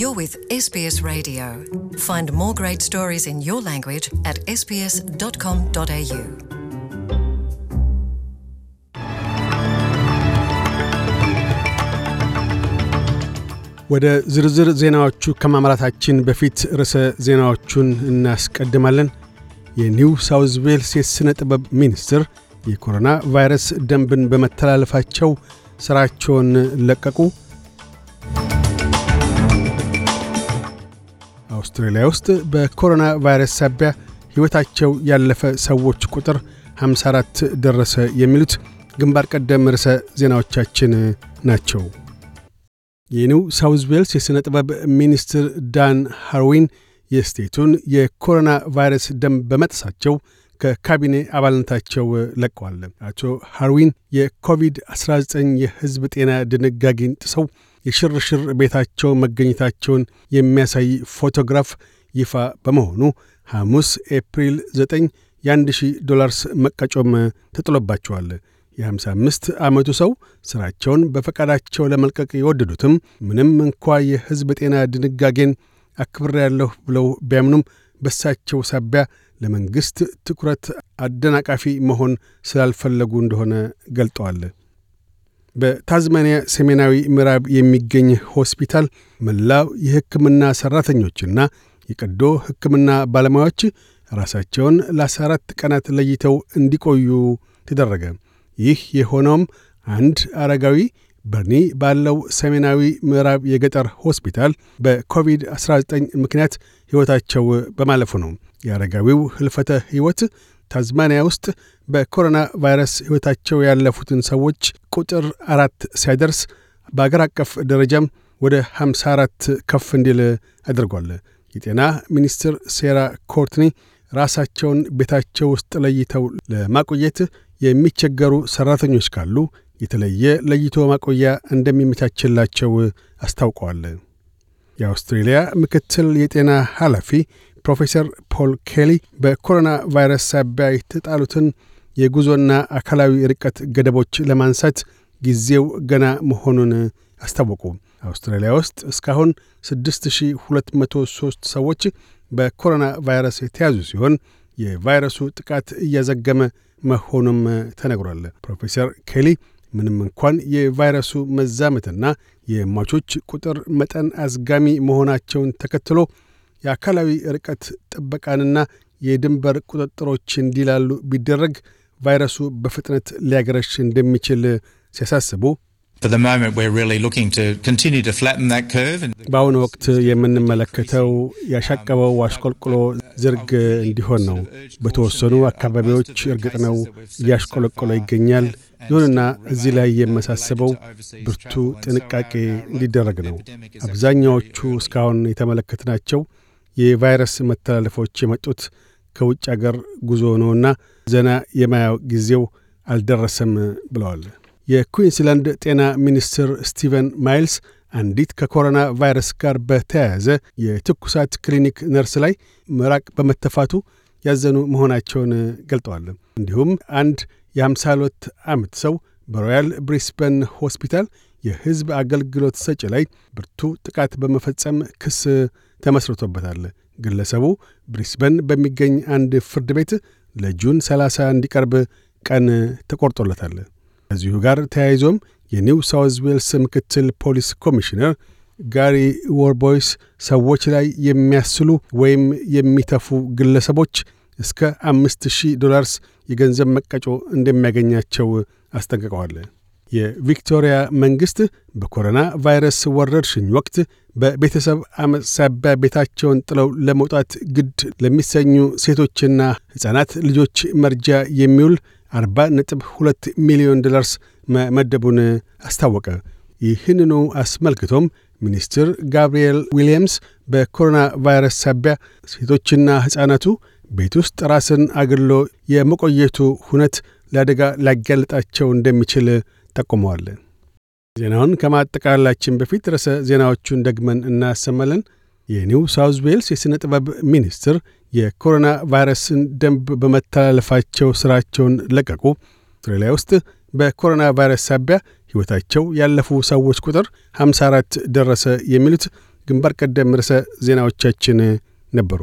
You're with SBS Radio. Find more great stories in your language at sbs.com.au. ወደ ዝርዝር ዜናዎቹ ከማምራታችን በፊት ርዕሰ ዜናዎቹን እናስቀድማለን። የኒው ሳውዝ ዌልስ የሥነ ጥበብ ሚኒስትር የኮሮና ቫይረስ ደንብን በመተላለፋቸው ሥራቸውን ለቀቁ። አውስትራሊያ ውስጥ በኮሮና ቫይረስ ሳቢያ ሕይወታቸው ያለፈ ሰዎች ቁጥር 54 ደረሰ የሚሉት ግንባር ቀደም ርዕሰ ዜናዎቻችን ናቸው። የኒው ሳውዝ ዌልስ የሥነ ጥበብ ሚኒስትር ዳን ሃርዊን የስቴቱን የኮሮና ቫይረስ ደንብ በመጥሳቸው ከካቢኔ አባልነታቸው ለቀዋል። አቶ ሃርዊን የኮቪድ-19 የሕዝብ ጤና ድንጋጌን ጥሰው የሽርሽር ቤታቸው መገኘታቸውን የሚያሳይ ፎቶግራፍ ይፋ በመሆኑ ሐሙስ ኤፕሪል 9 የ1000 ዶላርስ መቀጮም ተጥሎባቸዋል። የ55 ዓመቱ ሰው ሥራቸውን በፈቃዳቸው ለመልቀቅ የወደዱትም ምንም እንኳ የሕዝብ ጤና ድንጋጌን አክብሬያለሁ ብለው ቢያምኑም በሳቸው ሳቢያ ለመንግሥት ትኩረት አደናቃፊ መሆን ስላልፈለጉ እንደሆነ ገልጠዋል። በታዝማኒያ ሰሜናዊ ምዕራብ የሚገኝ ሆስፒታል መላው የሕክምና ሠራተኞችና የቀዶ ሕክምና ባለሙያዎች ራሳቸውን ለ14 ቀናት ለይተው እንዲቆዩ ተደረገ። ይህ የሆነውም አንድ አረጋዊ በርኒ ባለው ሰሜናዊ ምዕራብ የገጠር ሆስፒታል በኮቪድ-19 ምክንያት ሕይወታቸው በማለፉ ነው። የአረጋዊው ሕልፈተ ሕይወት ታዝማኒያ ውስጥ በኮሮና ቫይረስ ሕይወታቸው ያለፉትን ሰዎች ቁጥር አራት ሲያደርስ በአገር አቀፍ ደረጃም ወደ 54 ከፍ እንዲል አድርጓል። የጤና ሚኒስትር ሴራ ኮርትኒ ራሳቸውን ቤታቸው ውስጥ ለይተው ለማቆየት የሚቸገሩ ሠራተኞች ካሉ የተለየ ለይቶ ማቆያ እንደሚመቻችላቸው አስታውቀዋል። የአውስትሬልያ ምክትል የጤና ኃላፊ ፕሮፌሰር ፖል ኬሊ በኮሮና ቫይረስ ሳቢያ የተጣሉትን የጉዞና አካላዊ ርቀት ገደቦች ለማንሳት ጊዜው ገና መሆኑን አስታወቁ። አውስትራሊያ ውስጥ እስካሁን 6203 ሰዎች በኮሮና ቫይረስ የተያዙ ሲሆን የቫይረሱ ጥቃት እያዘገመ መሆኑም ተነግሯል። ፕሮፌሰር ኬሊ ምንም እንኳን የቫይረሱ መዛመትና የሟቾች ቁጥር መጠን አዝጋሚ መሆናቸውን ተከትሎ የአካላዊ ርቀት ጥበቃንና የድንበር ቁጥጥሮች እንዲላሉ ቢደረግ ቫይረሱ በፍጥነት ሊያገረሽ እንደሚችል ሲያሳስቡ በአሁኑ ወቅት የምንመለከተው ያሻቀበው አሽቆልቁሎ ዝርግ እንዲሆን ነው። በተወሰኑ አካባቢዎች እርግጥ ነው እያሽቆለቆሎ ይገኛል። ይሁንና እዚህ ላይ የመሳሰበው ብርቱ ጥንቃቄ እንዲደረግ ነው። አብዛኛዎቹ እስካሁን የተመለከትናቸው የቫይረስ መተላለፎች የመጡት ከውጭ አገር ጉዞ ነውና ዘና የማያው ጊዜው አልደረሰም ብለዋል። የኩዊንስላንድ ጤና ሚኒስትር ስቲቨን ማይልስ አንዲት ከኮሮና ቫይረስ ጋር በተያያዘ የትኩሳት ክሊኒክ ነርስ ላይ ምራቅ በመተፋቱ ያዘኑ መሆናቸውን ገልጠዋል። እንዲሁም አንድ የሃምሳ ሁለት ዓመት ሰው በሮያል ብሪስበን ሆስፒታል የሕዝብ አገልግሎት ሰጪ ላይ ብርቱ ጥቃት በመፈጸም ክስ ተመስርቶበታል። ግለሰቡ ብሪስበን በሚገኝ አንድ ፍርድ ቤት ለጁን 30 እንዲቀርብ ቀን ተቆርጦለታል። ከዚሁ ጋር ተያይዞም የኒው ሳውዝ ዌልስ ምክትል ፖሊስ ኮሚሽነር ጋሪ ወርቦይስ ሰዎች ላይ የሚያስሉ ወይም የሚተፉ ግለሰቦች እስከ አምስት ሺህ ዶላርስ የገንዘብ መቀጮ እንደሚያገኛቸው አስጠንቅቀዋል። የቪክቶሪያ መንግሥት በኮሮና ቫይረስ ወረርሽኝ ወቅት በቤተሰብ አመፅ ሳቢያ ቤታቸውን ጥለው ለመውጣት ግድ ለሚሰኙ ሴቶችና ሕፃናት ልጆች መርጃ የሚውል 42 ሚሊዮን ዶላርስ መመደቡን አስታወቀ። ይህንኑ አስመልክቶም ሚኒስትር ጋብርኤል ዊልያምስ በኮሮና ቫይረስ ሳቢያ ሴቶችና ሕፃናቱ ቤት ውስጥ ራስን አግሎ የመቆየቱ ሁነት ለአደጋ ሊያጋልጣቸው እንደሚችል ጠቁመዋል። ዜናውን ከማጠቃላችን በፊት ርዕሰ ዜናዎቹን ደግመን እናሰማለን። የኒው ሳውዝ ዌልስ የሥነ ጥበብ ሚኒስትር የኮሮና ቫይረስን ደንብ በመተላለፋቸው ሥራቸውን ለቀቁ። አውስትራሊያ ውስጥ በኮሮና ቫይረስ ሳቢያ ሕይወታቸው ያለፉ ሰዎች ቁጥር 54 ደረሰ። የሚሉት ግንባር ቀደም ርዕሰ ዜናዎቻችን ነበሩ።